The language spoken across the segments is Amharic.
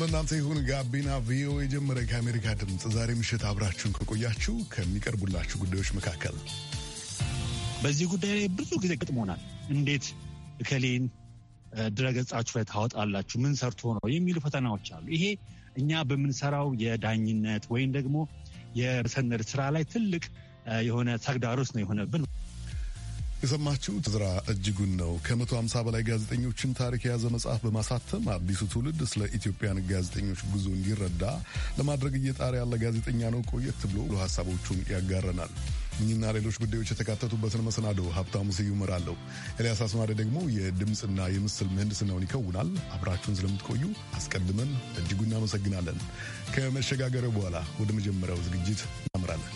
ሰላም ለእናንተ ይሁን። ጋቢና ቪኦኤ ጀመረ። ከአሜሪካ ድምፅ ዛሬ ምሽት አብራችሁን ከቆያችሁ ከሚቀርቡላችሁ ጉዳዮች መካከል በዚህ ጉዳይ ላይ ብዙ ጊዜ ገጥሞናል። እንዴት እከሌን ድረገጻችሁ ላይ ታወጣላችሁ? ምን ሰርቶ ነው የሚሉ ፈተናዎች አሉ። ይሄ እኛ በምንሰራው የዳኝነት ወይም ደግሞ የመሰነድ ስራ ላይ ትልቅ የሆነ ተግዳሮት ነው የሆነብን። የሰማችሁት ዝራ እጅጉን ነው። ከመቶ ሃምሳ በላይ ጋዜጠኞችን ታሪክ የያዘ መጽሐፍ በማሳተም አዲሱ ትውልድ ስለ ኢትዮጵያን ጋዜጠኞች ጉዞ እንዲረዳ ለማድረግ እየጣረ ያለ ጋዜጠኛ ነው። ቆየት ብሎ ሀሳቦቹን ያጋረናል። እኚህና ሌሎች ጉዳዮች የተካተቱበትን መሰናዶ ሀብታሙ ስዩ እመራለሁ። ኤልያስ አስማሪ ደግሞ የድምፅና የምስል ምህንድስናውን ይከውናል። አብራችሁን ስለምትቆዩ አስቀድመን እጅጉ እናመሰግናለን። ከመሸጋገሪያው በኋላ ወደ መጀመሪያው ዝግጅት እናምራለን።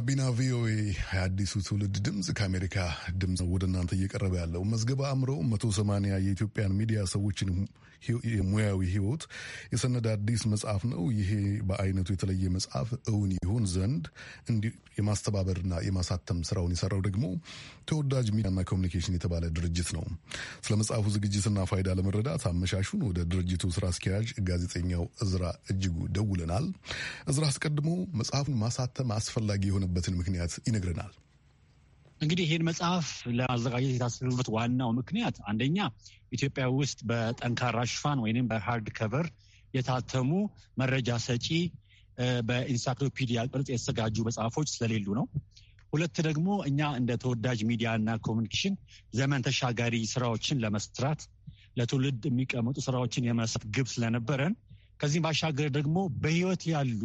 ጋቢና ቪኦኤ የአዲሱ ትውልድ ድምፅ ከአሜሪካ ድምፅ ወደ እናንተ እየቀረበ ያለው መዝገበ አእምሮ መቶ ሰማንያ የኢትዮጵያን ሚዲያ ሰዎችን የሙያዊ ህይወት የሰነደ አዲስ መጽሐፍ ነው። ይሄ በአይነቱ የተለየ መጽሐፍ እውን ይሆን ዘንድ እንዲህ የማስተባበርና የማሳተም ስራውን የሰራው ደግሞ ተወዳጅ ሚዲያና ኮሚኒኬሽን የተባለ ድርጅት ነው። ስለ መጽሐፉ ዝግጅትና ፋይዳ ለመረዳት አመሻሹን ወደ ድርጅቱ ስራ አስኪያጅ ጋዜጠኛው እዝራ እጅጉ ደውለናል። እዝራ አስቀድሞ መጽሐፉን ማሳተም አስፈላጊ የሆነበትን ምክንያት ይነግረናል። እንግዲህ ይህን መጽሐፍ ለማዘጋጀት የታሰበበት ዋናው ምክንያት አንደኛ ኢትዮጵያ ውስጥ በጠንካራ ሽፋን ወይም በሃርድ ከቨር የታተሙ መረጃ ሰጪ በኢንሳይክሎፒዲያ ቅርጽ የተዘጋጁ መጽሐፎች ስለሌሉ ነው። ሁለት ደግሞ እኛ እንደ ተወዳጅ ሚዲያ እና ኮሚኒኬሽን ዘመን ተሻጋሪ ስራዎችን ለመስራት ለትውልድ የሚቀመጡ ስራዎችን የመስራት ግብ ስለነበረን ከዚህም ባሻገር ደግሞ በህይወት ያሉ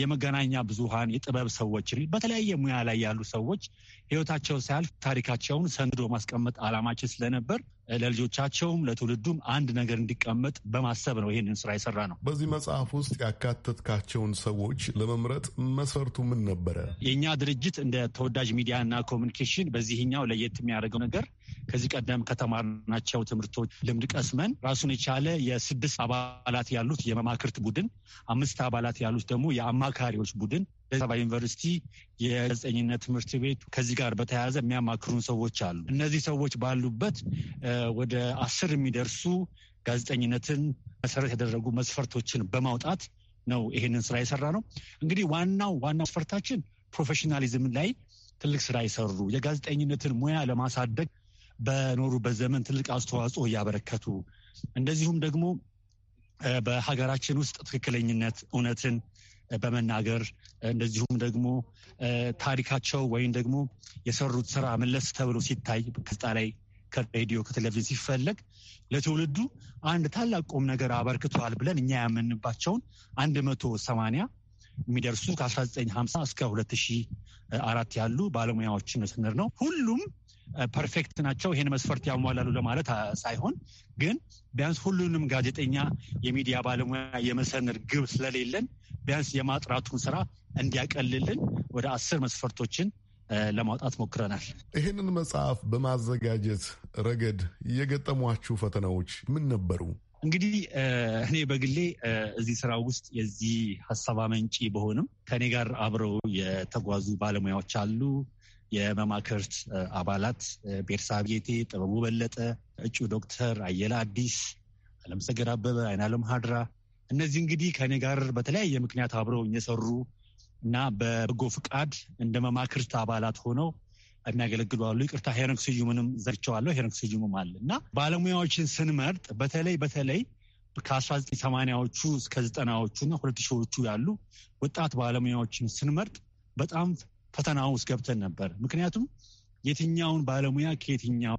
የመገናኛ ብዙሃን የጥበብ ሰዎች በተለያየ ሙያ ላይ ያሉ ሰዎች ህይወታቸው ሳያልፍ ታሪካቸውን ሰንዶ ማስቀመጥ አላማችን ስለነበር ለልጆቻቸውም ለትውልዱም አንድ ነገር እንዲቀመጥ በማሰብ ነው ይህንን ስራ የሰራ ነው። በዚህ መጽሐፍ ውስጥ ያካተትካቸውን ሰዎች ለመምረጥ መሰርቱ ምን ነበረ? የእኛ ድርጅት እንደ ተወዳጅ ሚዲያና ኮሚኒኬሽን በዚህኛው ለየት የሚያደርገው ነገር ከዚህ ቀደም ከተማርናቸው ትምህርቶች ልምድ ቀስመን ራሱን የቻለ የስድስት አባላት ያሉት የመማክርት ቡድን፣ አምስት አባላት ያሉት ደግሞ የአማካሪዎች ቡድን ሰባ ዩኒቨርሲቲ የጋዜጠኝነት ትምህርት ቤት ከዚህ ጋር በተያያዘ የሚያማክሩን ሰዎች አሉ። እነዚህ ሰዎች ባሉበት ወደ አስር የሚደርሱ ጋዜጠኝነትን መሰረት ያደረጉ መስፈርቶችን በማውጣት ነው ይሄንን ስራ የሰራ ነው። እንግዲህ ዋናው ዋናው መስፈርታችን ፕሮፌሽናሊዝም ላይ ትልቅ ስራ የሰሩ የጋዜጠኝነትን ሙያ ለማሳደግ በኖሩበት ዘመን ትልቅ አስተዋጽኦ እያበረከቱ እንደዚሁም ደግሞ በሀገራችን ውስጥ ትክክለኝነት እውነትን በመናገር እንደዚሁም ደግሞ ታሪካቸው ወይም ደግሞ የሰሩት ስራ መለስ ተብሎ ሲታይ ከጣ ላይ ከሬዲዮ ከቴሌቪዥን ሲፈለግ ለትውልዱ አንድ ታላቅ ቁም ነገር አበርክተዋል ብለን እኛ ያመንባቸውን አንድ መቶ ሰማንያ የሚደርሱ ከ1950 እስከ 2004 ያሉ ባለሙያዎችን ስንር ነው ሁሉም ፐርፌክት ናቸው፣ ይህን መስፈርት ያሟላሉ ለማለት ሳይሆን ግን ቢያንስ ሁሉንም ጋዜጠኛ የሚዲያ ባለሙያ የመሰንር ግብ ስለሌለን ቢያንስ የማጥራቱን ስራ እንዲያቀልልን ወደ አስር መስፈርቶችን ለማውጣት ሞክረናል። ይህንን መጽሐፍ በማዘጋጀት ረገድ የገጠሟችሁ ፈተናዎች ምን ነበሩ? እንግዲህ እኔ በግሌ እዚህ ስራ ውስጥ የዚህ ሀሳብ አመንጪ በሆንም ከእኔ ጋር አብረው የተጓዙ ባለሙያዎች አሉ። የመማክርት አባላት ቤርሳቤ ጌቴ፣ ጥበቡ በለጠ፣ እጩ ዶክተር አየለ አዲስ፣ አለምሰገድ አበበ፣ አይናለም ሀድራ እነዚህ እንግዲህ ከኔ ጋር በተለያየ ምክንያት አብረው እየሰሩ እና በበጎ ፍቃድ እንደ መማክርት አባላት ሆነው የሚያገለግሉ አሉ። ይቅርታ ሄረንክ ስዩምንም ዘግቸዋለሁ። ሄረንክ ስዩምም አለ እና ባለሙያዎችን ስንመርጥ በተለይ በተለይ ከ1980ዎቹ እስከ ዘጠናዎቹ እና ሁለት ሺዎቹ ያሉ ወጣት ባለሙያዎችን ስንመርጥ በጣም ፈተና ውስጥ ገብተን ነበር። ምክንያቱም የትኛውን ባለሙያ ከየትኛው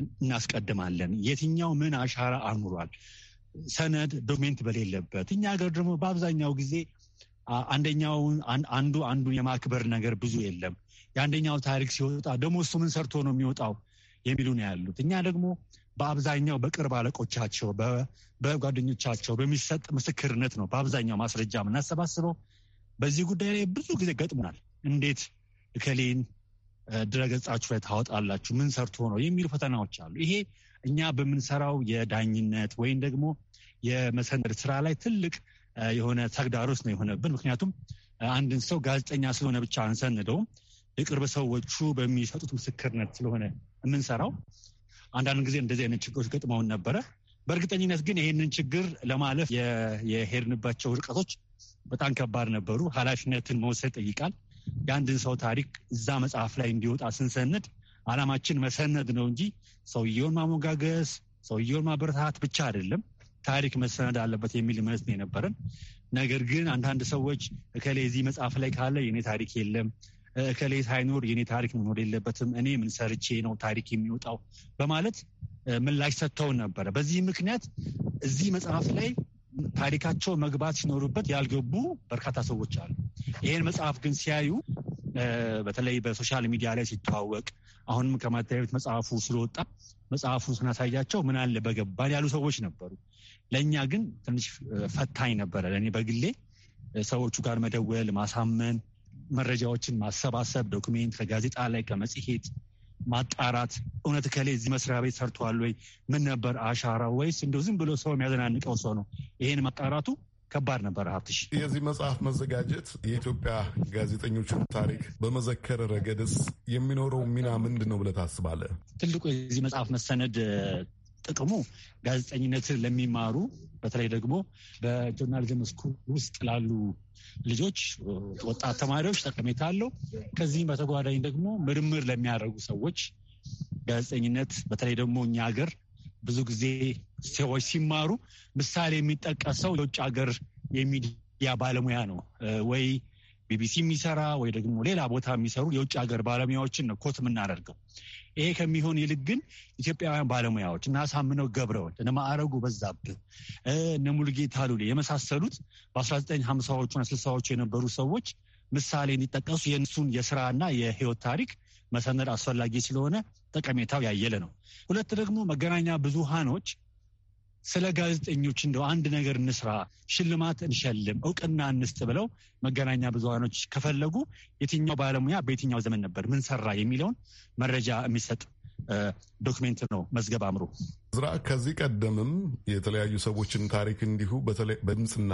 እናስቀድማለን፣ የትኛው ምን አሻራ አኑሯል፣ ሰነድ ዶክሜንት በሌለበት እኛ ሀገር ደግሞ በአብዛኛው ጊዜ አንደኛውን አንዱ አንዱን የማክበር ነገር ብዙ የለም። የአንደኛው ታሪክ ሲወጣ ደግሞ እሱ ምን ሰርቶ ነው የሚወጣው የሚሉ ነው ያሉት። እኛ ደግሞ በአብዛኛው በቅርብ አለቆቻቸው፣ በጓደኞቻቸው በሚሰጥ ምስክርነት ነው በአብዛኛው ማስረጃ የምናሰባስበው። በዚህ ጉዳይ ላይ ብዙ ጊዜ ገጥሞናል። እንዴት እከሌን ድረገጻችሁ ላይ ታወጣላችሁ? ምን ሰርቶ ነው የሚሉ ፈተናዎች አሉ። ይሄ እኛ በምንሰራው የዳኝነት ወይም ደግሞ የመሰነድ ስራ ላይ ትልቅ የሆነ ተግዳሮት ነው የሆነብን። ምክንያቱም አንድን ሰው ጋዜጠኛ ስለሆነ ብቻ አንሰንደውም። የቅርብ ሰዎቹ በሚሰጡት ምስክርነት ስለሆነ የምንሰራው አንዳንድ ጊዜ እንደዚህ አይነት ችግሮች ገጥመውን ነበረ። በእርግጠኝነት ግን ይህንን ችግር ለማለፍ የሄድንባቸው ርቀቶች በጣም ከባድ ነበሩ። ኃላፊነትን መውሰድ ይጠይቃል። የአንድን ሰው ታሪክ እዛ መጽሐፍ ላይ እንዲወጣ ስንሰንድ አላማችን መሰነድ ነው እንጂ ሰውየውን ማሞጋገስ፣ ሰውየውን ማበረታት ብቻ አይደለም። ታሪክ መሰነድ አለበት የሚል እምነት ነው የነበረን። ነገር ግን አንዳንድ ሰዎች እከሌ እዚህ መጽሐፍ ላይ ካለ የኔ ታሪክ የለም፣ እከሌ ሳይኖር የኔ ታሪክ መኖር የለበትም፣ እኔ ምን ሰርቼ ነው ታሪክ የሚወጣው በማለት ምላሽ ሰጥተውን ነበረ። በዚህ ምክንያት እዚህ መጽሐፍ ላይ ታሪካቸው መግባት ሲኖሩበት ያልገቡ በርካታ ሰዎች አሉ። ይሄን መጽሐፍ ግን ሲያዩ በተለይ በሶሻል ሚዲያ ላይ ሲተዋወቅ አሁንም ከማተሚያ ቤት መጽሐፉ ስለወጣ መጽሐፉ ስናሳያቸው ምን አለ በገባን ያሉ ሰዎች ነበሩ። ለእኛ ግን ትንሽ ፈታኝ ነበረ። ለእኔ በግሌ ሰዎቹ ጋር መደወል፣ ማሳመን፣ መረጃዎችን ማሰባሰብ፣ ዶክሜንት ከጋዜጣ ላይ ከመጽሔት ማጣራት፣ እውነት ከሌ እዚህ መስሪያ ቤት ሰርተዋል ወይ ምን ነበር አሻራ፣ ወይስ እንደው ዝም ብሎ ሰው የሚያዘናንቀው ሰው ነው። ይሄን ማጣራቱ ከባድ ነበር። ሀብትሽ፣ የዚህ መጽሐፍ መዘጋጀት የኢትዮጵያ ጋዜጠኞችን ታሪክ በመዘከር ረገድስ የሚኖረው ሚና ምንድን ነው ብለህ ታስባለህ? ትልቁ የዚህ መጽሐፍ መሰነድ ጥቅሙ ጋዜጠኝነትን ለሚማሩ በተለይ ደግሞ በጆርናሊዝም ስኩል ውስጥ ላሉ ልጆች፣ ወጣት ተማሪዎች ጠቀሜታ አለው። ከዚህም በተጓዳኝ ደግሞ ምርምር ለሚያደርጉ ሰዎች ጋዜጠኝነት በተለይ ደግሞ እኛ ሀገር ብዙ ጊዜ ሰዎች ሲማሩ ምሳሌ የሚጠቀሰው የውጭ ሀገር የሚዲያ ባለሙያ ነው ወይ ቢቢሲ የሚሰራ ወይ ደግሞ ሌላ ቦታ የሚሰሩ የውጭ ሀገር ባለሙያዎችን ነው ኮት የምናደርገው። ይሄ ከሚሆን ይልቅ ግን ኢትዮጵያውያን ባለሙያዎች እና አሳምነው ገብረወልድ እነ ማዕረጉ በዛብህ እነ ሙሉጌታ ሉሌ የመሳሰሉት በ1950ዎቹና 60ዎቹ የነበሩ ሰዎች ምሳሌ እንዲጠቀሱ የእነሱን የስራና የህይወት ታሪክ መሰነድ አስፈላጊ ስለሆነ ጠቀሜታው ያየለ ነው። ሁለት ደግሞ መገናኛ ብዙሃኖች ስለ ጋዜጠኞች እንደው አንድ ነገር እንስራ፣ ሽልማት እንሸልም፣ እውቅና እንስጥ ብለው መገናኛ ብዙሃኖች ከፈለጉ የትኛው ባለሙያ በየትኛው ዘመን ነበር ምን ሰራ የሚለውን መረጃ የሚሰጥ ዶክሜንት ነው። መዝገብ አእምሮ ዝራ ከዚህ ቀደምም የተለያዩ ሰዎችን ታሪክ እንዲሁ በድምፅና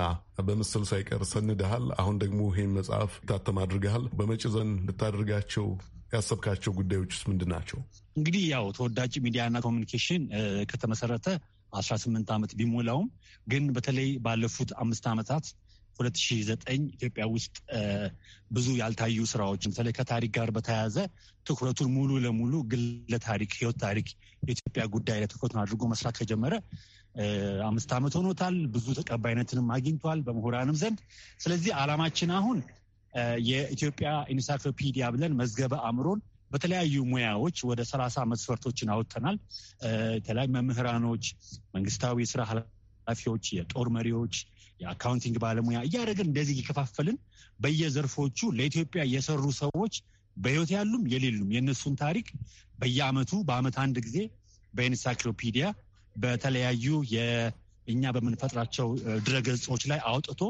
በምስል ሳይቀር ሰንድሃል። አሁን ደግሞ ይህን መጽሐፍ ታተም አድርገሃል። በመጪ ዘን ልታደርጋቸው ያሰብካቸው ጉዳዮች ውስጥ ምንድን ናቸው? እንግዲህ ያው ተወዳጅ ሚዲያና ኮሚኒኬሽን ከተመሰረተ አስራ ስምንት ዓመት ቢሞላውም ግን በተለይ ባለፉት አምስት ዓመታት 2009 ኢትዮጵያ ውስጥ ብዙ ያልታዩ ስራዎች በተለይ ከታሪክ ጋር በተያያዘ ትኩረቱን ሙሉ ለሙሉ ግለ ታሪክ ህይወት ታሪክ የኢትዮጵያ ጉዳይ ላይ ትኩረቱን አድርጎ መስራት ከጀመረ አምስት ዓመት ሆኖታል። ብዙ ተቀባይነትንም አግኝቷል በምሁራንም ዘንድ። ስለዚህ አላማችን አሁን የኢትዮጵያ ኢንሳይክሎፒዲያ ብለን መዝገበ አእምሮን በተለያዩ ሙያዎች ወደ ሰላሳ መስፈርቶችን አውጥተናል። የተለያዩ መምህራኖች፣ መንግስታዊ የስራ ኃላፊዎች፣ የጦር መሪዎች፣ የአካውንቲንግ ባለሙያ እያደረግን እንደዚህ እየከፋፈልን በየዘርፎቹ ለኢትዮጵያ የሰሩ ሰዎች በህይወት ያሉም የሌሉም የእነሱን ታሪክ በየአመቱ በአመት አንድ ጊዜ በኢንሳይክሎፒዲያ በተለያዩ የእኛ በምንፈጥራቸው ድረገጾች ላይ አውጥቶ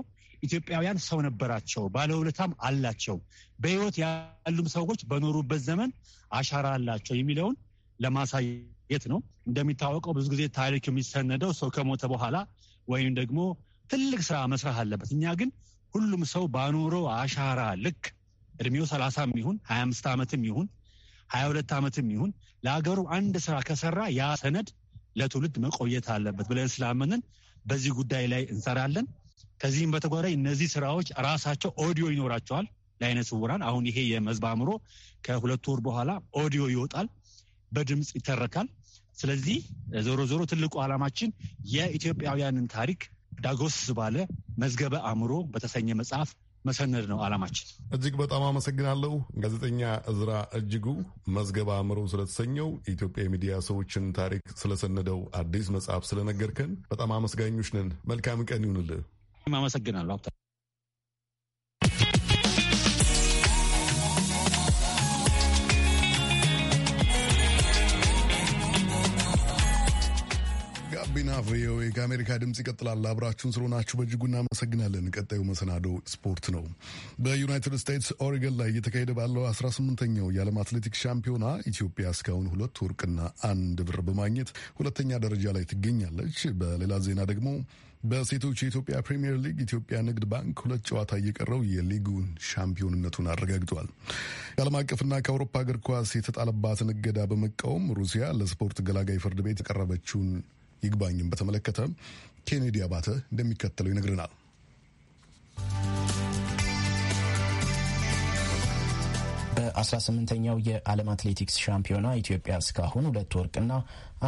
ኢትዮጵያውያን ሰው ነበራቸው፣ ባለውለታም አላቸው፣ በህይወት ያሉም ሰዎች በኖሩበት ዘመን አሻራ አላቸው የሚለውን ለማሳየት ነው። እንደሚታወቀው ብዙ ጊዜ ታሪክ የሚሰነደው ሰው ከሞተ በኋላ ወይም ደግሞ ትልቅ ስራ መስራት አለበት። እኛ ግን ሁሉም ሰው ባኖረው አሻራ ልክ እድሜው ሰላሳም ይሁን ሀያ አምስት ዓመትም ይሁን ሀያ ሁለት ዓመትም ይሁን ለሀገሩ አንድ ስራ ከሰራ ያ ሰነድ ለትውልድ መቆየት አለበት ብለን ስላመንን በዚህ ጉዳይ ላይ እንሰራለን። ከዚህም በተጓዳኝ እነዚህ ስራዎች ራሳቸው ኦዲዮ ይኖራቸዋል ለአይነ ስውራን። አሁን ይሄ የመዝባ አእምሮ ከሁለት ወር በኋላ ኦዲዮ ይወጣል፣ በድምፅ ይተረካል። ስለዚህ ዞሮ ዞሮ ትልቁ ዓላማችን የኢትዮጵያውያንን ታሪክ ዳጎስ ባለ መዝገበ አእምሮ በተሰኘ መጽሐፍ መሰነድ ነው ዓላማችን። እጅግ በጣም አመሰግናለሁ ጋዜጠኛ እዝራ እጅጉ። መዝገበ አእምሮ ስለተሰኘው የኢትዮጵያ የሚዲያ ሰዎችን ታሪክ ስለሰነደው አዲስ መጽሐፍ ስለነገርከን በጣም አመስጋኞች ነን። መልካም ቀን ይሁንልህ። አመሰግናለሁ። ጋቢና ቪኦኤ ከአሜሪካ ድምፅ ይቀጥላል። አብራችሁን ስለሆናችሁ በእጅጉ እናመሰግናለን። ቀጣዩ መሰናዶ ስፖርት ነው። በዩናይትድ ስቴትስ ኦሪገን ላይ እየተካሄደ ባለው 18ኛው የዓለም አትሌቲክስ ሻምፒዮና ኢትዮጵያ እስካሁን ሁለት ወርቅና አንድ ብር በማግኘት ሁለተኛ ደረጃ ላይ ትገኛለች። በሌላ ዜና ደግሞ በሴቶች የኢትዮጵያ ፕሪምየር ሊግ ኢትዮጵያ ንግድ ባንክ ሁለት ጨዋታ እየቀረው የሊጉን ሻምፒዮንነቱን አረጋግጧል። የዓለም አቀፍና ከአውሮፓ እግር ኳስ የተጣለባትን እገዳ በመቃወም ሩሲያ ለስፖርት ገላጋይ ፍርድ ቤት የቀረበችውን ይግባኝም በተመለከተ ኬኔዲ አባተ እንደሚከተለው ይነግረናል። በ18ኛው የዓለም አትሌቲክስ ሻምፒዮና ኢትዮጵያ እስካሁን ሁለት ወርቅና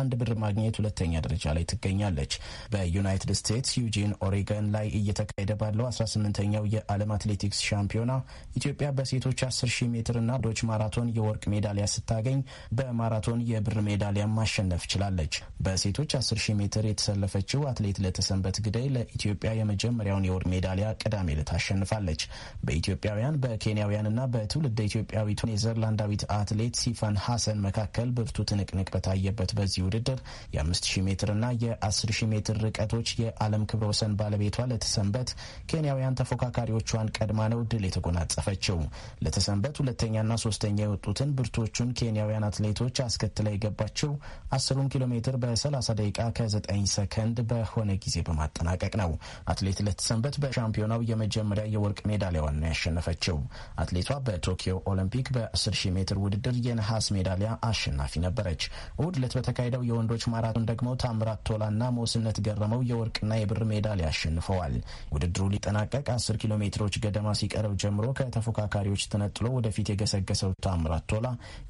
አንድ ብር ማግኘት ሁለተኛ ደረጃ ላይ ትገኛለች። በዩናይትድ ስቴትስ ዩጂን ኦሬገን ላይ እየተካሄደ ባለው 18ኛው የዓለም አትሌቲክስ ሻምፒዮና ኢትዮጵያ በሴቶች 10 ሺህ ሜትርና ዶች ማራቶን የወርቅ ሜዳሊያ ስታገኝ በማራቶን የብር ሜዳሊያ ማሸነፍ ችላለች። በሴቶች 10 ሺህ ሜትር የተሰለፈችው አትሌት ለተሰንበት ግደይ ለኢትዮጵያ የመጀመሪያውን የወርቅ ሜዳሊያ ቅዳሜ ዕለት አሸንፋለች። በኢትዮጵያውያን በኬንያውያንና በትውልድ ኢትዮጵያዊቱ ኔዘርላንዳዊት አትሌት ሲፋን ሀሰን መካከል ብርቱ ትንቅንቅ በታየበት በዚህ በዚህ ውድድር የ5000 ሜትርና የ10000 ሜትር ርቀቶች የዓለም ክብረ ወሰን ባለቤቷ ለተሰንበት ኬንያውያን ተፎካካሪዎቿን ቀድማ ነው ድል የተጎናጸፈችው። ለተሰንበት ሁለተኛና ሶስተኛ የወጡትን ብርቶቹን ኬንያውያን አትሌቶች አስከትላ የገባቸው 10 ኪሎ ሜትር በ30 ደቂቃ ከ9 ሰከንድ በሆነ ጊዜ በማጠናቀቅ ነው። አትሌት ለተሰንበት በሻምፒዮናው የመጀመሪያ የወርቅ ሜዳሊያዋን ነው ያሸነፈችው። አትሌቷ በቶኪዮ ኦሎምፒክ በ10 ሜትር ውድድር የነሐስ ሜዳሊያ አሸናፊ ነበረች። እሁድ ዕለት በተካሄደ በተካሄደው የወንዶች ማራቶን ደግሞ ታምራት ቶላና መውስነት ገረመው የወርቅና የብር ሜዳሊያ አሸንፈዋል። ውድድሩ ሊጠናቀቅ አስር ኪሎ ሜትሮች ገደማ ሲቀረው ጀምሮ ከተፎካካሪዎች ተነጥሎ ወደፊት የገሰገሰው ታምራት ቶላ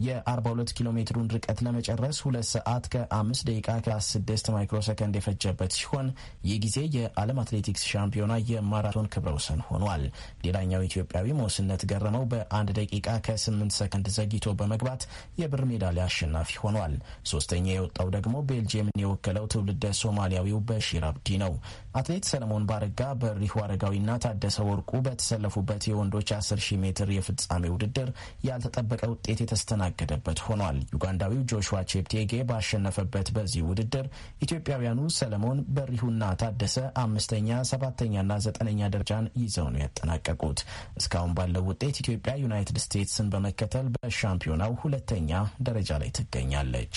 የ42 ኪሎ ሜትሩን ርቀት ለመጨረስ ሁለት ሰዓት ከ5 ደቂቃ ከ6 ማይክሮሰከንድ የፈጀበት ሲሆን ይህ ጊዜ የዓለም አትሌቲክስ ሻምፒዮና የማራቶን ክብረ ወሰን ሆኗል። ሌላኛው ኢትዮጵያዊ መውስነት ገረመው በአንድ ደቂቃ ከ8 ሰከንድ ዘግይቶ በመግባት የብር ሜዳሊያ አሸናፊ ሆኗል። ሶስተኛ የወጣው ደግሞ ቤልጅየምን የወከለው ትውልደ ሶማሊያዊው በሺር አብዲ ነው። አትሌት ሰለሞን ባረጋ፣ በሪሁ አረጋዊና ታደሰ ወርቁ በተሰለፉበት የወንዶች 10 ሜትር የፍጻሜ ውድድር ያልተጠበቀ ውጤት የተስተናገደበት ሆኗል። ዩጋንዳዊው ጆሹዋ ቼፕቴጌ ባሸነፈበት በዚህ ውድድር ኢትዮጵያውያኑ ሰለሞን፣ በሪሁና ታደሰ አምስተኛ፣ ሰባተኛና ዘጠነኛ ደረጃን ይዘው ነው ያጠናቀቁት። እስካሁን ባለው ውጤት ኢትዮጵያ ዩናይትድ ስቴትስን በመከተል በሻምፒዮናው ሁለተኛ ደረጃ ላይ ትገኛለች።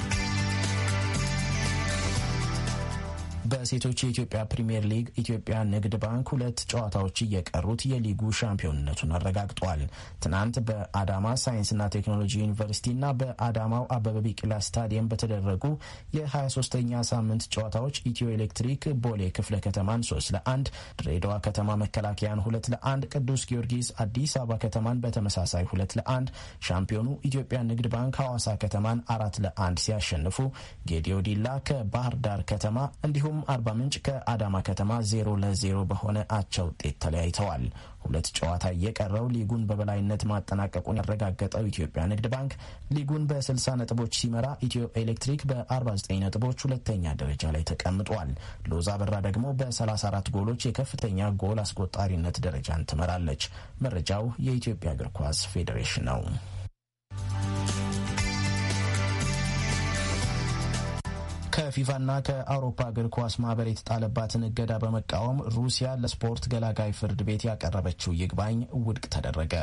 በሴቶች የኢትዮጵያ ፕሪምየር ሊግ ኢትዮጵያ ንግድ ባንክ ሁለት ጨዋታዎች እየቀሩት የሊጉ ሻምፒዮንነቱን አረጋግጧል። ትናንት በአዳማ ሳይንስና ቴክኖሎጂ ዩኒቨርሲቲና በአዳማው አበበ ቢቂላ ስታዲየም በተደረጉ የ23ኛ ሳምንት ጨዋታዎች ኢትዮ ኤሌክትሪክ ቦሌ ክፍለ ከተማን 3 ለአንድ፣ ድሬዳዋ ከተማ መከላከያን ሁለት ለአንድ፣ ቅዱስ ጊዮርጊስ አዲስ አበባ ከተማን በተመሳሳይ ሁለት ለአንድ፣ ሻምፒዮኑ ኢትዮጵያ ንግድ ባንክ ሐዋሳ ከተማን አራት ለአንድ ሲያሸንፉ ጌዲዮ ዲላ ከባህር ዳር ከተማ እንዲሁም አርባ ምንጭ ከአዳማ ከተማ ዜሮ ለዜሮ በሆነ አቻ ውጤት ተለያይተዋል። ሁለት ጨዋታ እየቀረው ሊጉን በበላይነት ማጠናቀቁን ያረጋገጠው ኢትዮጵያ ንግድ ባንክ ሊጉን በ60 ነጥቦች ሲመራ ኢትዮ ኤሌክትሪክ በ49 ነጥቦች ሁለተኛ ደረጃ ላይ ተቀምጧል። ሎዛ በራ ደግሞ በ34 ጎሎች የከፍተኛ ጎል አስቆጣሪነት ደረጃን ትመራለች። መረጃው የኢትዮጵያ እግር ኳስ ፌዴሬሽን ነው። ከፊፋና ከአውሮፓ እግር ኳስ ማህበር የተጣለባትን እገዳ በመቃወም ሩሲያ ለስፖርት ገላጋይ ፍርድ ቤት ያቀረበችው ይግባኝ ውድቅ ተደረገ።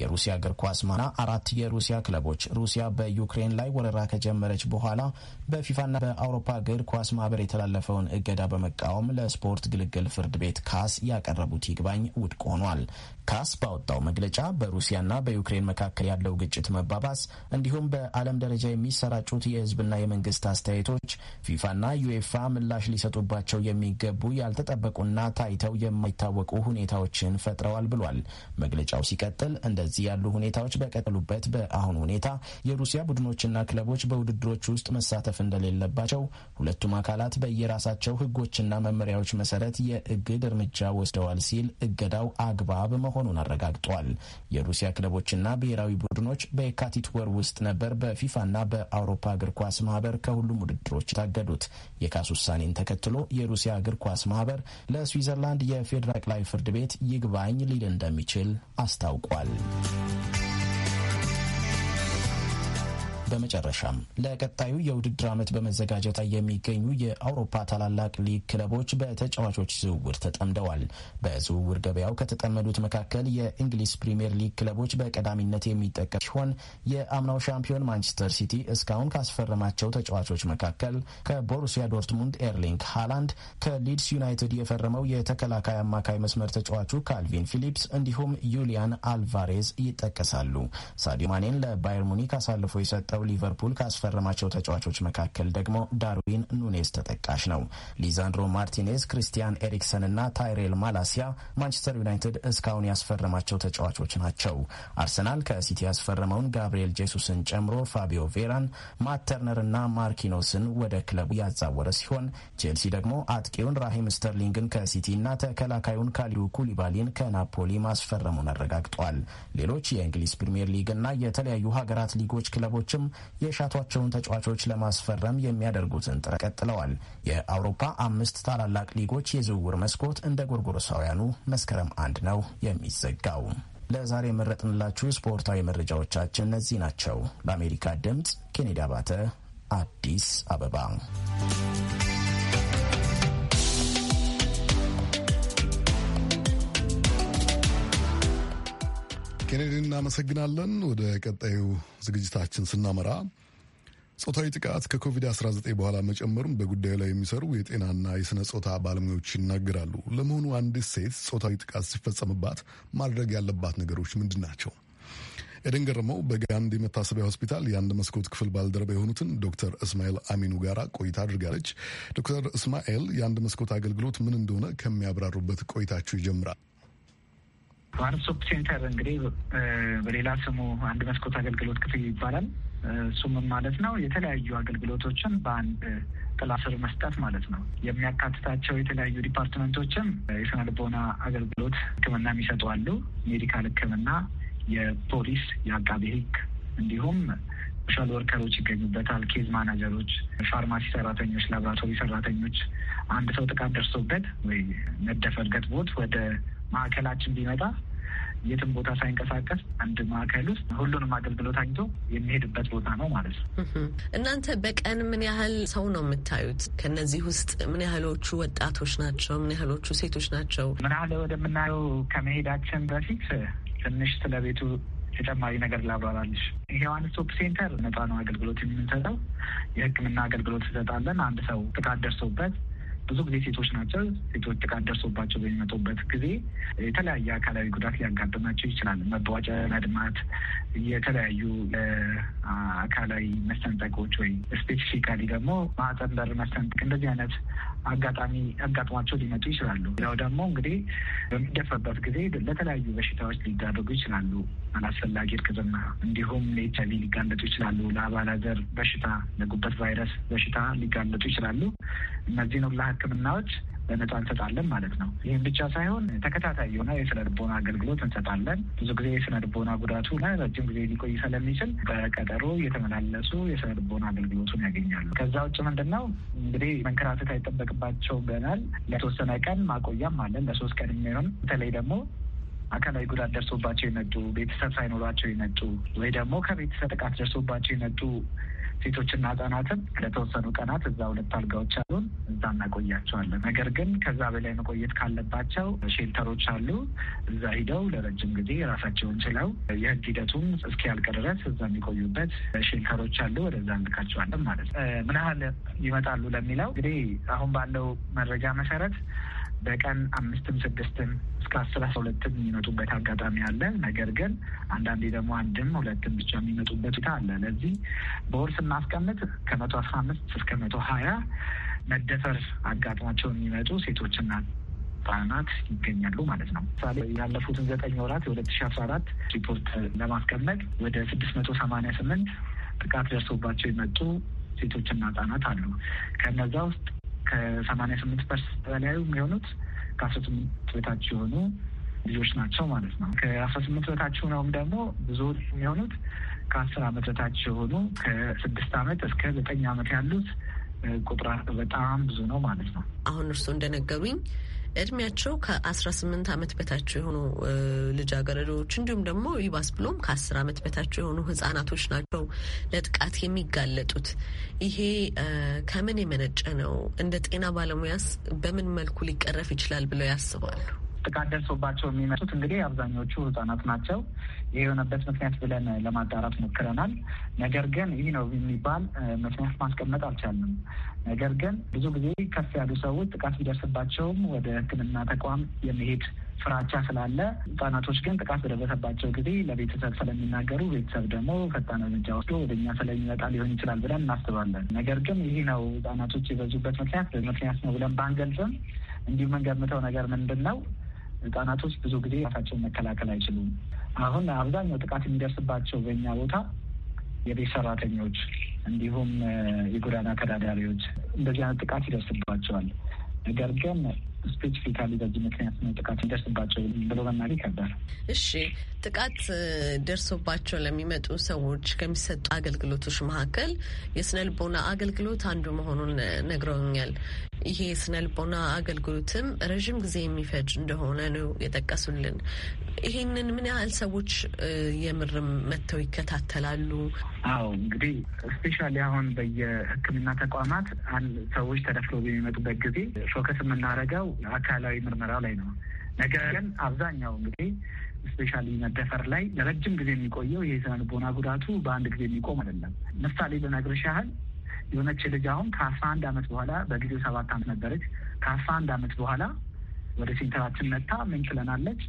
የሩሲያ እግር ኳስ ማና አራት የሩሲያ ክለቦች ሩሲያ በዩክሬን ላይ ወረራ ከጀመረች በኋላ በፊፋና በአውሮፓ እግር ኳስ ማህበር የተላለፈውን እገዳ በመቃወም ለስፖርት ግልግል ፍርድ ቤት ካስ ያቀረቡት ይግባኝ ውድቅ ሆኗል። ካስ ባወጣው መግለጫ በሩሲያና በዩክሬን መካከል ያለው ግጭት መባባስ እንዲሁም በዓለም ደረጃ የሚሰራጩት የህዝብና የመንግስት አስተያየቶች ፊፋና ዩኤፋ ምላሽ ሊሰጡባቸው የሚገቡ ያልተጠበቁና ታይተው የማይታወቁ ሁኔታዎችን ፈጥረዋል ብሏል። መግለጫው ሲቀጥል እንደዚህ ያሉ ሁኔታዎች በቀጠሉበት በአሁኑ ሁኔታ የሩሲያ ቡድኖችና ክለቦች በውድድሮች ውስጥ መሳተፍ እንደሌለባቸው ሁለቱም አካላት በየራሳቸው ህጎችና መመሪያዎች መሰረት የእግድ እርምጃ ወስደዋል ሲል እገዳው አግባብ መሆኑን አረጋግጧል። የሩሲያ ክለቦችና ብሔራዊ ቡድኖች በየካቲት ወር ውስጥ ነበር በፊፋና በአውሮፓ እግር ኳስ ማህበር ከሁሉም ውድድሮች የታገዱት። የካስ ውሳኔን ተከትሎ የሩሲያ እግር ኳስ ማህበር ለስዊዘርላንድ የፌዴራል ጠቅላይ ፍርድ ቤት ይግባኝ ሊል እንደሚችል አስታውቋል። በመጨረሻም ለቀጣዩ የውድድር ዓመት በመዘጋጀት ላይ የሚገኙ የአውሮፓ ታላላቅ ሊግ ክለቦች በተጫዋቾች ዝውውር ተጠምደዋል። በዝውውር ገበያው ከተጠመዱት መካከል የእንግሊዝ ፕሪምየር ሊግ ክለቦች በቀዳሚነት የሚጠቀስ ሲሆን የአምናው ሻምፒዮን ማንቸስተር ሲቲ እስካሁን ካስፈረማቸው ተጫዋቾች መካከል ከቦሩሲያ ዶርትሙንድ ኤርሊንግ ሃላንድ፣ ከሊድስ ዩናይትድ የፈረመው የተከላካይ አማካይ መስመር ተጫዋቹ ካልቪን ፊሊፕስ እንዲሁም ዩሊያን አልቫሬዝ ይጠቀሳሉ። ሳዲዮ ማኔን ለባየር ሙኒክ አሳልፎ የሰጠው በጨዋታው ሊቨርፑል ካስፈረማቸው ተጫዋቾች መካከል ደግሞ ዳርዊን ኑኔዝ ተጠቃሽ ነው። ሊዛንድሮ ማርቲኔዝ፣ ክሪስቲያን ኤሪክሰን እና ታይሬል ማላሲያ ማንቸስተር ዩናይትድ እስካሁን ያስፈረማቸው ተጫዋቾች ናቸው። አርሰናል ከሲቲ ያስፈረመውን ጋብርኤል ጄሱስን ጨምሮ ፋቢዮ ቬራን፣ ማተርነር እና ማርኪኖስን ወደ ክለቡ ያዛወረ ሲሆን ቼልሲ ደግሞ አጥቂውን ራሂም ስተርሊንግን ከሲቲ እና ተከላካዩን ካሊዩ ኩሊባሊን ከናፖሊ ማስፈረሙን አረጋግጧል። ሌሎች የእንግሊዝ ፕሪምየር ሊግ እና የተለያዩ ሀገራት ሊጎች ክለቦችም የሻቷቸውን ተጫዋቾች ለማስፈረም የሚያደርጉትን ጥረት ቀጥለዋል። የአውሮፓ አምስት ታላላቅ ሊጎች የዝውውር መስኮት እንደ ጎርጎሮሳውያኑ መስከረም አንድ ነው የሚዘጋው። ለዛሬ የመረጥንላችሁ ስፖርታዊ መረጃዎቻችን እነዚህ ናቸው። ለአሜሪካ ድምፅ ኬኔዲ አባተ አዲስ አበባ ኬኔዲ እናመሰግናለን። ወደ ቀጣዩ ዝግጅታችን ስናመራ ጾታዊ ጥቃት ከኮቪድ-19 በኋላ መጨመሩን በጉዳዩ ላይ የሚሰሩ የጤናና የሥነ ጾታ ባለሙያዎች ይናገራሉ። ለመሆኑ አንዲት ሴት ጾታዊ ጥቃት ሲፈጸምባት ማድረግ ያለባት ነገሮች ምንድን ናቸው? ኤደን ገረመው በጋንዲ መታሰቢያ ሆስፒታል የአንድ መስኮት ክፍል ባልደረባ የሆኑትን ዶክተር እስማኤል አሚኑ ጋራ ቆይታ አድርጋለች። ዶክተር እስማኤል የአንድ መስኮት አገልግሎት ምን እንደሆነ ከሚያብራሩበት ቆይታችሁ ይጀምራል። ዋን ስቶፕ ሴንተር እንግዲህ በሌላ ስሙ አንድ መስኮት አገልግሎት ክፍል ይባላል። እሱም ማለት ነው የተለያዩ አገልግሎቶችን በአንድ ጥላ ስር መስጠት ማለት ነው። የሚያካትታቸው የተለያዩ ዲፓርትመንቶችም የስነ ልቦና አገልግሎት ሕክምና የሚሰጡ አሉ። ሜዲካል ሕክምና፣ የፖሊስ፣ የአቃቤ ሕግ እንዲሁም ሶሻል ወርከሮች ይገኙበታል። ኬዝ ማናጀሮች፣ ፋርማሲ ሰራተኞች፣ ላብራቶሪ ሰራተኞች አንድ ሰው ጥቃት ደርሶበት ወይ መደፈር ገጥሞት ወደ ማዕከላችን ቢመጣ የትም ቦታ ሳይንቀሳቀስ አንድ ማዕከል ውስጥ ሁሉንም አገልግሎት አግኝቶ የሚሄድበት ቦታ ነው ማለት ነው። እናንተ በቀን ምን ያህል ሰው ነው የምታዩት? ከነዚህ ውስጥ ምን ያህሎቹ ወጣቶች ናቸው? ምን ያህሎቹ ሴቶች ናቸው? ምን ያህል ወደምናየው ከመሄዳችን በፊት ትንሽ ስለ ቤቱ ተጨማሪ ነገር ላብራራልሽ። ሄዋንስ ቶፕ ሴንተር ነጻ ነው አገልግሎት የምንሰጠው። የህክምና አገልግሎት እንሰጣለን። አንድ ሰው ጥቃት ደርሶበት ብዙ ጊዜ ሴቶች ናቸው። ሴቶች ጥቃት ደርሶባቸው በሚመጡበት ጊዜ የተለያየ አካላዊ ጉዳት ሊያጋጥማቸው ይችላል። መቧጫ፣ መድማት፣ የተለያዩ አካላዊ መሰንጠቆች ወይ ስፔሲፊካሊ ደግሞ ማህፀን በር መሰንጠቅ እንደዚህ አይነት አጋጣሚ አጋጥሟቸው ሊመጡ ይችላሉ። ያው ደግሞ እንግዲህ በሚደፈበት ጊዜ ለተለያዩ በሽታዎች ሊዳረጉ ይችላሉ። አላስፈላጊ እርግዝና፣ እንዲሁም ለኤች አይቪ ሊጋለጡ ይችላሉ። ለአባላዘር በሽታ፣ ለጉበት ቫይረስ በሽታ ሊጋለጡ ይችላሉ። እነዚህ ነው ለህክምናዎች በነጻ እንሰጣለን ማለት ነው። ይህም ብቻ ሳይሆን ተከታታይ የሆነ የስነ ልቦና አገልግሎት እንሰጣለን። ብዙ ጊዜ የስነ ልቦና ጉዳቱ ላይ ረጅም ጊዜ ሊቆይ ስለሚችል በቀጠሮ እየተመላለሱ የስነ ልቦና አገልግሎቱን ያገኛሉ። ከዛ ውጭ ምንድን ነው እንግዲህ መንከራተት አይጠበቅባቸው ገናል ለተወሰነ ቀን ማቆያም አለን ለሶስት ቀን የሚሆን በተለይ ደግሞ አካላዊ ጉዳት ደርሶባቸው የመጡ ቤተሰብ ሳይኖሯቸው የመጡ ወይ ደግሞ ከቤተሰብ ጥቃት ደርሶባቸው የመጡ ሴቶችና ህጻናትን ለተወሰኑ ቀናት እዛ ሁለት አልጋዎች አሉን፣ እዛ እናቆያቸዋለን። ነገር ግን ከዛ በላይ መቆየት ካለባቸው ሼልተሮች አሉ። እዛ ሂደው ለረጅም ጊዜ ራሳቸውን ችለው የህግ ሂደቱም እስኪያልቅ ድረስ እዛ የሚቆዩበት ሼልተሮች አሉ። ወደዛ እንልካቸዋለን ማለት ነው። ምን ያህል ይመጣሉ ለሚለው እንግዲህ አሁን ባለው መረጃ መሰረት በቀን አምስትም ስድስትም እስከ አስር አስራ ሁለትም የሚመጡበት አጋጣሚ አለ። ነገር ግን አንዳንዴ ደግሞ አንድም ሁለትም ብቻ የሚመጡበት ሁኔታ አለ። ለዚህ በወር ስናስቀምጥ ከመቶ አስራ አምስት እስከ መቶ ሀያ መደፈር አጋጥሟቸው የሚመጡ ሴቶችና ህጻናት ይገኛሉ ማለት ነው። ምሳሌ ያለፉትን ዘጠኝ ወራት የሁለት ሺ አስራ አራት ሪፖርት ለማስቀመጥ ወደ ስድስት መቶ ሰማኒያ ስምንት ጥቃት ደርሶባቸው የመጡ ሴቶችና ህጻናት አሉ። ከነዛ ውስጥ ከሰማንያ ስምንት ፐርሰንት በላዩ የሚሆኑት ከአስራ ስምንት በታች የሆኑ ልጆች ናቸው ማለት ነው። ከአስራ ስምንት በታች ሆነውም ደግሞ ብዙ የሚሆኑት ከአስር አመት በታች የሆኑ ከስድስት አመት እስከ ዘጠኝ አመት ያሉት ቁጥራ በጣም ብዙ ነው ማለት ነው። አሁን እርስዎ እንደነገሩኝ እድሜያቸው ከ18 ዓመት በታቸው የሆኑ ልጃገረዶች እንዲሁም ደግሞ ይባስ ብሎም ከ10 ዓመት በታቸው የሆኑ ህጻናቶች ናቸው ለጥቃት የሚጋለጡት። ይሄ ከምን የመነጨ ነው? እንደ ጤና ባለሙያስ በምን መልኩ ሊቀረፍ ይችላል ብለው ያስባሉ? ጥቃት ደርሶባቸው የሚመጡት እንግዲህ አብዛኞቹ ህጻናት ናቸው። ይህ የሆነበት ምክንያት ብለን ለማጣራት ሞክረናል። ነገር ግን ይህ ነው የሚባል ምክንያት ማስቀመጥ አልቻልንም። ነገር ግን ብዙ ጊዜ ከፍ ያሉ ሰዎች ጥቃት ቢደርስባቸውም ወደ ሕክምና ተቋም የመሄድ ፍራቻ ስላለ ህጻናቶች ግን ጥቃት በደረሰባቸው ጊዜ ለቤተሰብ ስለሚናገሩ ቤተሰብ ደግሞ ፈጣን እርምጃ ወስዶ ወደ እኛ ስለሚመጣ ሊሆን ይችላል ብለን እናስባለን። ነገር ግን ይህ ነው ህጻናቶች የበዙበት ምክንያት ምክንያት ነው ብለን ባንገልጽም እንዲሁም የምንገምተው ነገር ምንድን ነው ህጻናቶች ብዙ ጊዜ ራሳቸውን መከላከል አይችሉም። አሁን አብዛኛው ጥቃት የሚደርስባቸው በእኛ ቦታ የቤት ሰራተኞች እንዲሁም የጎዳና ተዳዳሪዎች እንደዚህ አይነት ጥቃት ይደርስባቸዋል። ነገር ግን ስፔሲፊካሊ በዚህ ምክንያት ነው ጥቃት ይደርስባቸው ብሎ መናገር ይከብዳል። እሺ፣ ጥቃት ደርሶባቸው ለሚመጡ ሰዎች ከሚሰጡ አገልግሎቶች መካከል የስነ ልቦና አገልግሎት አንዱ መሆኑን ነግረውኛል። ይሄ ስነልቦና አገልግሎትም ረዥም ጊዜ የሚፈጅ እንደሆነ ነው የጠቀሱልን። ይሄንን ምን ያህል ሰዎች የምርም መጥተው ይከታተላሉ? አዎ እንግዲህ ስፔሻሊ አሁን በየሕክምና ተቋማት ሰዎች ተደፍሮ በሚመጡበት ጊዜ ፎከስ የምናደርገው አካላዊ ምርመራው ላይ ነው። ነገር ግን አብዛኛው እንግዲህ ስፔሻሊ መደፈር ላይ ለረጅም ጊዜ የሚቆየው ይህ ስነልቦና ጉዳቱ በአንድ ጊዜ የሚቆም አይደለም። ምሳሌ ልነግርሽ ያህል የሆነች ልጅ አሁን ከአስራ አንድ አመት በኋላ በጊዜው ሰባት አመት ነበረች። ከአስራ አንድ አመት በኋላ ወደ ሴንተራችን መታ ምን ትለናለች?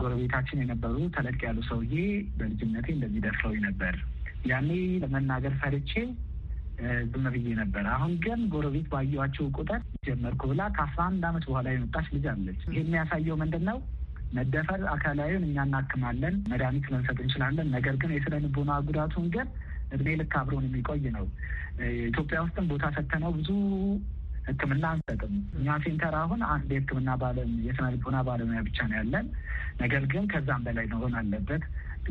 ጎረቤታችን የነበሩ ተለቅ ያሉ ሰውዬ በልጅነቴ እንደዚህ ደፍረውኝ ነበር። ያኔ ለመናገር ፈርቼ ዝም ብዬ ነበር። አሁን ግን ጎረቤት ባየኋቸው ቁጥር ጀመርኩ ብላ ከአስራ አንድ አመት በኋላ የመጣች ልጅ አለች። ይህ የሚያሳየው ምንድን ነው? መደፈር አካላዊን እኛ እናክማለን፣ መድኃኒት ልንሰጥ እንችላለን። ነገር ግን የስነ ልቦና ጉዳቱን ግን እድሜ ልክ አብሮን የሚቆይ ነው። ኢትዮጵያ ውስጥም ቦታ ሰተነው ብዙ ሕክምና አንሰጥም። እኛ ሴንተር አሁን አንድ የሕክምና ባለም የስነ ልቦና ባለሙያ ብቻ ነው ያለን። ነገር ግን ከዛም በላይ መሆን አለበት።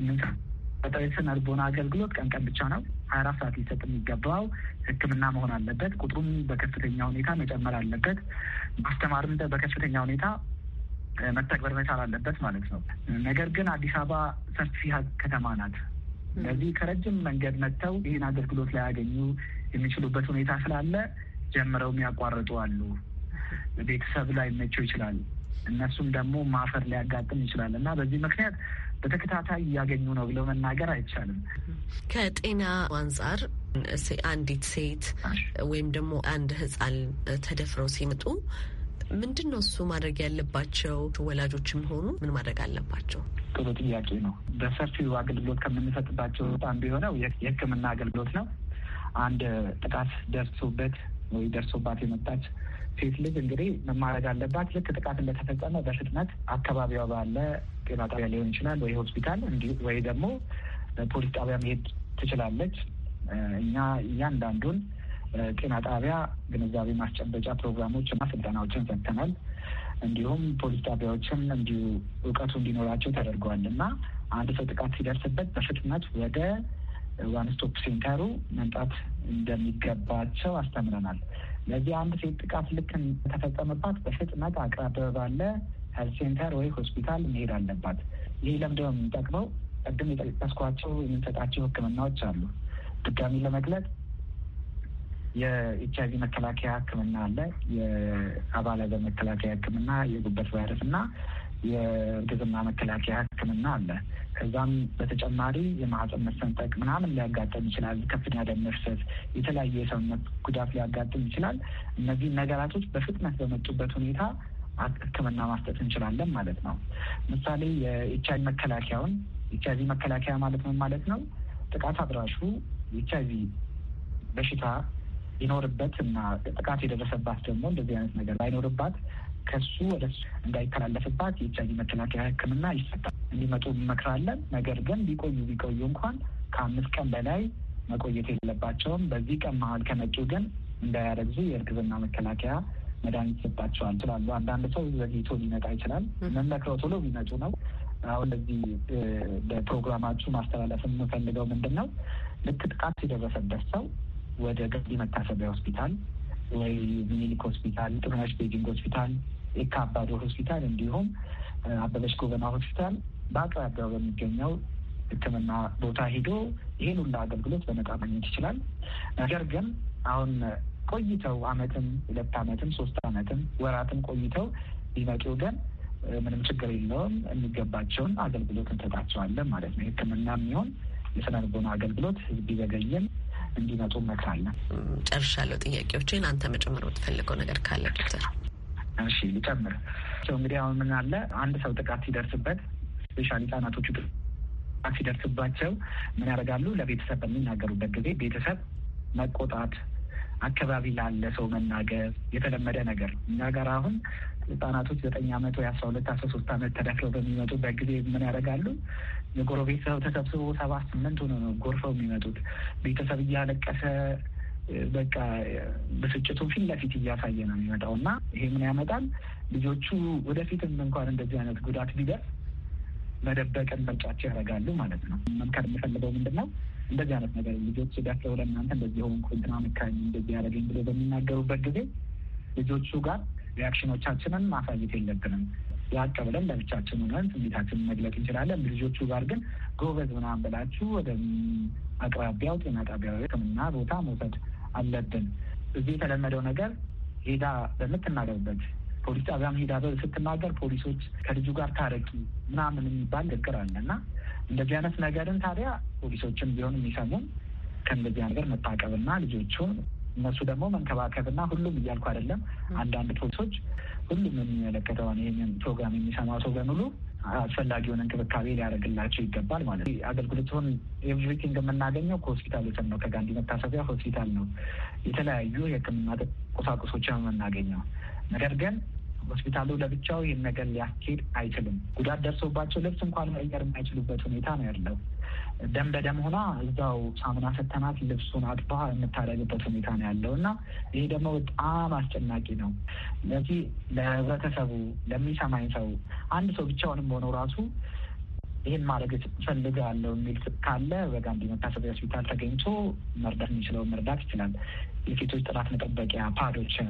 ምንሰጠው የስነ ልቦና አገልግሎት ቀን ቀን ብቻ ነው ሀያ አራት ሰዓት ሊሰጥ የሚገባው ሕክምና መሆን አለበት። ቁጥሩም በከፍተኛ ሁኔታ መጨመር አለበት። ማስተማርም በከፍተኛ ሁኔታ መተግበር መቻል አለበት ማለት ነው። ነገር ግን አዲስ አበባ ሰፊ ከተማ ናት። ስለዚህ ከረጅም መንገድ መጥተው ይህን አገልግሎት ላያገኙ የሚችሉበት ሁኔታ ስላለ ጀምረው የሚያቋርጡ አሉ። ቤተሰብ ላይ መቸው ይችላል። እነሱም ደግሞ ማፈር ሊያጋጥም ይችላል እና በዚህ ምክንያት በተከታታይ እያገኙ ነው ብለው መናገር አይቻልም። ከጤና አንጻር አንዲት ሴት ወይም ደግሞ አንድ ሕፃን ተደፍረው ሲመጡ ምንድን ነው እሱ ማድረግ ያለባቸው? ወላጆችም ሆኑ ምን ማድረግ አለባቸው? ጥሩ ጥያቄ ነው። በሰፊው አገልግሎት ከምንሰጥባቸው አንዱ የሆነው የሕክምና አገልግሎት ነው። አንድ ጥቃት ደርሶበት ወይ ደርሶባት የመጣች ሴት ልጅ እንግዲህ መማረግ አለባት? ልክ ጥቃት እንደተፈጸመ በፍጥነት አካባቢዋ ባለ ጤና ጣቢያ ሊሆን ይችላል ወይ ሆስፒታል፣ እንዲ ወይ ደግሞ ፖሊስ ጣቢያ መሄድ ትችላለች። እኛ እያንዳንዱን ጤና ጣቢያ ግንዛቤ ማስጨበጫ ፕሮግራሞች እና ስልጠናዎችን ሰጥተናል። እንዲሁም ፖሊስ ጣቢያዎችም እንዲሁ እውቀቱ እንዲኖራቸው ተደርገዋል እና አንድ ሰው ጥቃት ሲደርስበት በፍጥነት ወደ ዋን ስቶፕ ሴንተሩ መምጣት እንደሚገባቸው አስተምረናል። ለዚህ አንድ ሴት ጥቃት ልክ ተፈጸመባት በፍጥነት አቅራቢያ ባለ ሄልት ሴንተር ወይ ሆስፒታል መሄድ አለባት። ይህ ለምደ የሚጠቅመው ቅድም የጠቀስኳቸው የምንሰጣቸው ሕክምናዎች አሉ። ድጋሚ ለመግለጽ የኤች አይቪ መከላከያ ሕክምና አለ። የአባላዘር መከላከያ ሕክምና፣ የጉበት ቫይረስ እና የእርግዝና መከላከያ ሕክምና አለ። ከዛም በተጨማሪ የማህፀን መሰንጠቅ ምናምን ሊያጋጥም ይችላል። ከፍተኛ ደም መፍሰስ፣ የተለያየ የሰውነት ጉዳት ሊያጋጥም ይችላል። እነዚህ ነገራቶች በፍጥነት በመጡበት ሁኔታ ሕክምና ማስጠት እንችላለን ማለት ነው። ምሳሌ የኤች አይቪ መከላከያውን ኤች አይቪ መከላከያ ማለት ምን ማለት ነው? ጥቃት አድራሹ ኤች አይቪ በሽታ ቢኖርበት እና ጥቃት የደረሰባት ደግሞ እንደዚህ አይነት ነገር ባይኖርባት ከሱ ወደ እንዳይተላለፍባት የኤች መከላከያ ሕክምና ይሰጣል። እንዲመጡ እንመክራለን። ነገር ግን ቢቆዩ ቢቆዩ እንኳን ከአምስት ቀን በላይ መቆየት የለባቸውም። በዚህ ቀን መሀል ከመጡ ግን እንዳያረግዙ የእርግዝና መከላከያ መድኃኒት ይሰጣቸዋል ይችላሉ። አንዳንድ ሰው ዘግይቶ ሊመጣ ይችላል። መመክረው ቶሎ ቢመጡ ነው። አሁን ለዚህ በፕሮግራማችሁ ማስተላለፍ የምንፈልገው ምንድን ነው? ልክ ጥቃት የደረሰበት ሰው ወደ ገቢ መታሰቢያ ሆስፒታል ወይ ሚኒሊክ ሆስፒታል፣ ጥሩነሽ ቤጂንግ ሆስፒታል፣ የካ አባዶ ሆስፒታል እንዲሁም አበበች ጎበና ሆስፒታል በአቅራቢያው በሚገኘው ሕክምና ቦታ ሄዶ ይህን ሁላ አገልግሎት በነጻ ማግኘት ይችላል። ነገር ግን አሁን ቆይተው አመትም ሁለት አመትም ሶስት አመትም ወራትም ቆይተው ቢመጡ ግን ምንም ችግር የለውም። የሚገባቸውን አገልግሎት እንሰጣቸዋለን ማለት ነው። ሕክምና የሚሆን የስነ ልቦና አገልግሎት ቢዘገይም እንዲመጡ መክራለን። ጨርሻለሁ ጥያቄዎችን። አንተ መጨመር የምትፈልገው ነገር ካለ ዶክተር? እሺ ሊጨምር እንግዲህ አሁን ምን አለ አንድ ሰው ጥቃት ሲደርስበት ስፔሻሊ ህጻናቶቹ ጥቃት ሲደርስባቸው ምን ያደርጋሉ? ለቤተሰብ በሚናገሩበት ጊዜ ቤተሰብ መቆጣት አካባቢ ላለ ሰው መናገር የተለመደ ነገር። እኛ ጋር አሁን ህጻናቶች ዘጠኝ አመት ወይ አስራ ሁለት አስራ ሶስት አመት ተደፍረው በሚመጡበት ጊዜ ምን ያደርጋሉ? የጎረቤት ሰው ተሰብስቦ ሰባ ስምንት ሆኖ ነው ጎርፈው የሚመጡት። ቤተሰብ እያለቀሰ በቃ ብስጭቱን ፊት ለፊት እያሳየ ነው የሚመጣው እና ይሄ ምን ያመጣል? ልጆቹ ወደፊትም እንኳን እንደዚህ አይነት ጉዳት ቢደርስ መደበቅን ምርጫቸው ያደርጋሉ ማለት ነው። መምከር የምፈልገው ምንድን ነው እንደዚህ አይነት ነገር ልጆች ደፍለው ለእናንተ እንደዚህ ሆንኩ እንትና መካኝ እንደዚህ ያደረገኝ ብሎ በሚናገሩበት ጊዜ ልጆቹ ጋር ሪያክሽኖቻችንን ማሳየት የለብንም። ላቅ ብለን ለብቻችን ሆነን ስሜታችን መግለጽ እንችላለን። ልጆቹ ጋር ግን ጎበዝ ምናምን ብላችሁ ወደ አቅራቢያው ጤና ጣቢያ ሕክምና ቦታ መውሰድ አለብን። እዚህ የተለመደው ነገር ሄዳ በምትናገርበት ፖሊስ ጣቢያም ሄዳ ስትናገር ፖሊሶች ከልጁ ጋር ታረቂ ምናምን የሚባል ንግግር አለ እና እንደዚህ አይነት ነገርን ታዲያ ፖሊሶችም ቢሆን የሚሰሙን ከእንደዚያ ነገር መታቀብና ልጆቹን እነሱ ደግሞ መንከባከብና ሁሉም እያልኩ አይደለም። አንዳንድ ፖሊሶች ሁሉም የሚመለከተውን ይህንን ፕሮግራም የሚሰማ ሰው በሙሉ አስፈላጊውን እንክብካቤ ሊያደርግላቸው ይገባል ማለት ነው። አገልግሎቱን ኤቭሪቲንግ የምናገኘው ከሆስፒታል ከሆስፒታሎች ነው። ከጋንዲ መታሰቢያ ሆስፒታል ነው የተለያዩ የሕክምና ቁሳቁሶች ነው የምናገኘው። ነገር ግን ሆስፒታሉ ለብቻው ይህን ነገር ሊያስኬድ አይችልም። ጉዳት ደርሶባቸው ልብስ እንኳን መቀየር የማይችሉበት ሁኔታ ነው ያለው። ደም በደም ሆና እዛው ሳሙና ፈተናት ልብሱን አጥባ የምታደርግበት ሁኔታ ነው ያለው እና ይሄ ደግሞ በጣም አስጨናቂ ነው። ስለዚህ ለህብረተሰቡ፣ ለሚሰማኝ ሰው አንድ ሰው ብቻውንም ሆነው ራሱ ይህን ማድረግ ፈልጋለሁ የሚል ካለ በጋንዲ መታሰቢያ ሆስፒታል ተገኝቶ መርዳት የሚችለውን መርዳት ይችላል። የሴቶች ጥራት መጠበቂያ ፓዶችን፣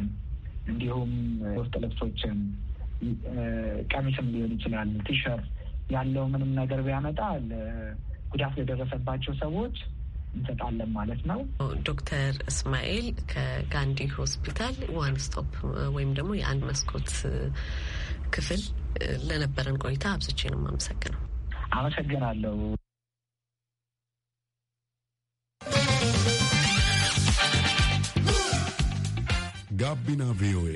እንዲሁም ውስጥ ልብሶችን፣ ቀሚስም ሊሆን ይችላል ቲሸርት ያለው ምንም ነገር ቢያመጣ ጉዳት ለደረሰባቸው ሰዎች እንሰጣለን ማለት ነው። ዶክተር እስማኤል ከጋንዲ ሆስፒታል ዋን ስቶፕ ወይም ደግሞ የአንድ መስኮት ክፍል ለነበረን ቆይታ አብዝቼ ነው የማመሰግነው። አመሰግናለሁ። ጋቢና ቪኦኤ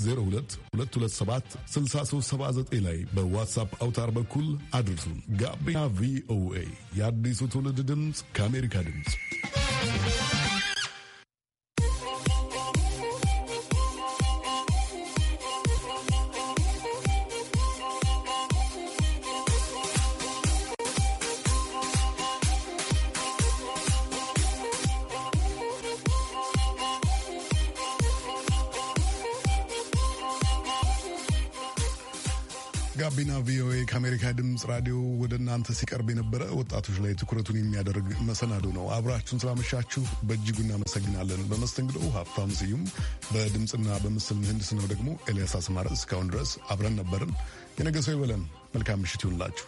202 ላይ በዋትሳፕ አውታር በኩል አድርሱን። ጋቢና ቪኦኤ የአዲሱ ትውልድ ድምፅ ከአሜሪካ ድምፅ ጋቢና ቪኦኤ ከአሜሪካ ድምፅ ራዲዮ ወደ እናንተ ሲቀርብ የነበረ ወጣቶች ላይ ትኩረቱን የሚያደርግ መሰናዶ ነው። አብራችሁን ስላመሻችሁ በእጅጉ እናመሰግናለን። በመስተንግዶው ሀብታም ስዩም፣ በድምፅና በምስል ህንድስ ነው ደግሞ ኤልያስ አስማረ። እስካሁን ድረስ አብረን ነበርን። የነገ ሰው ይበለን። መልካም ምሽት ይሁንላችሁ።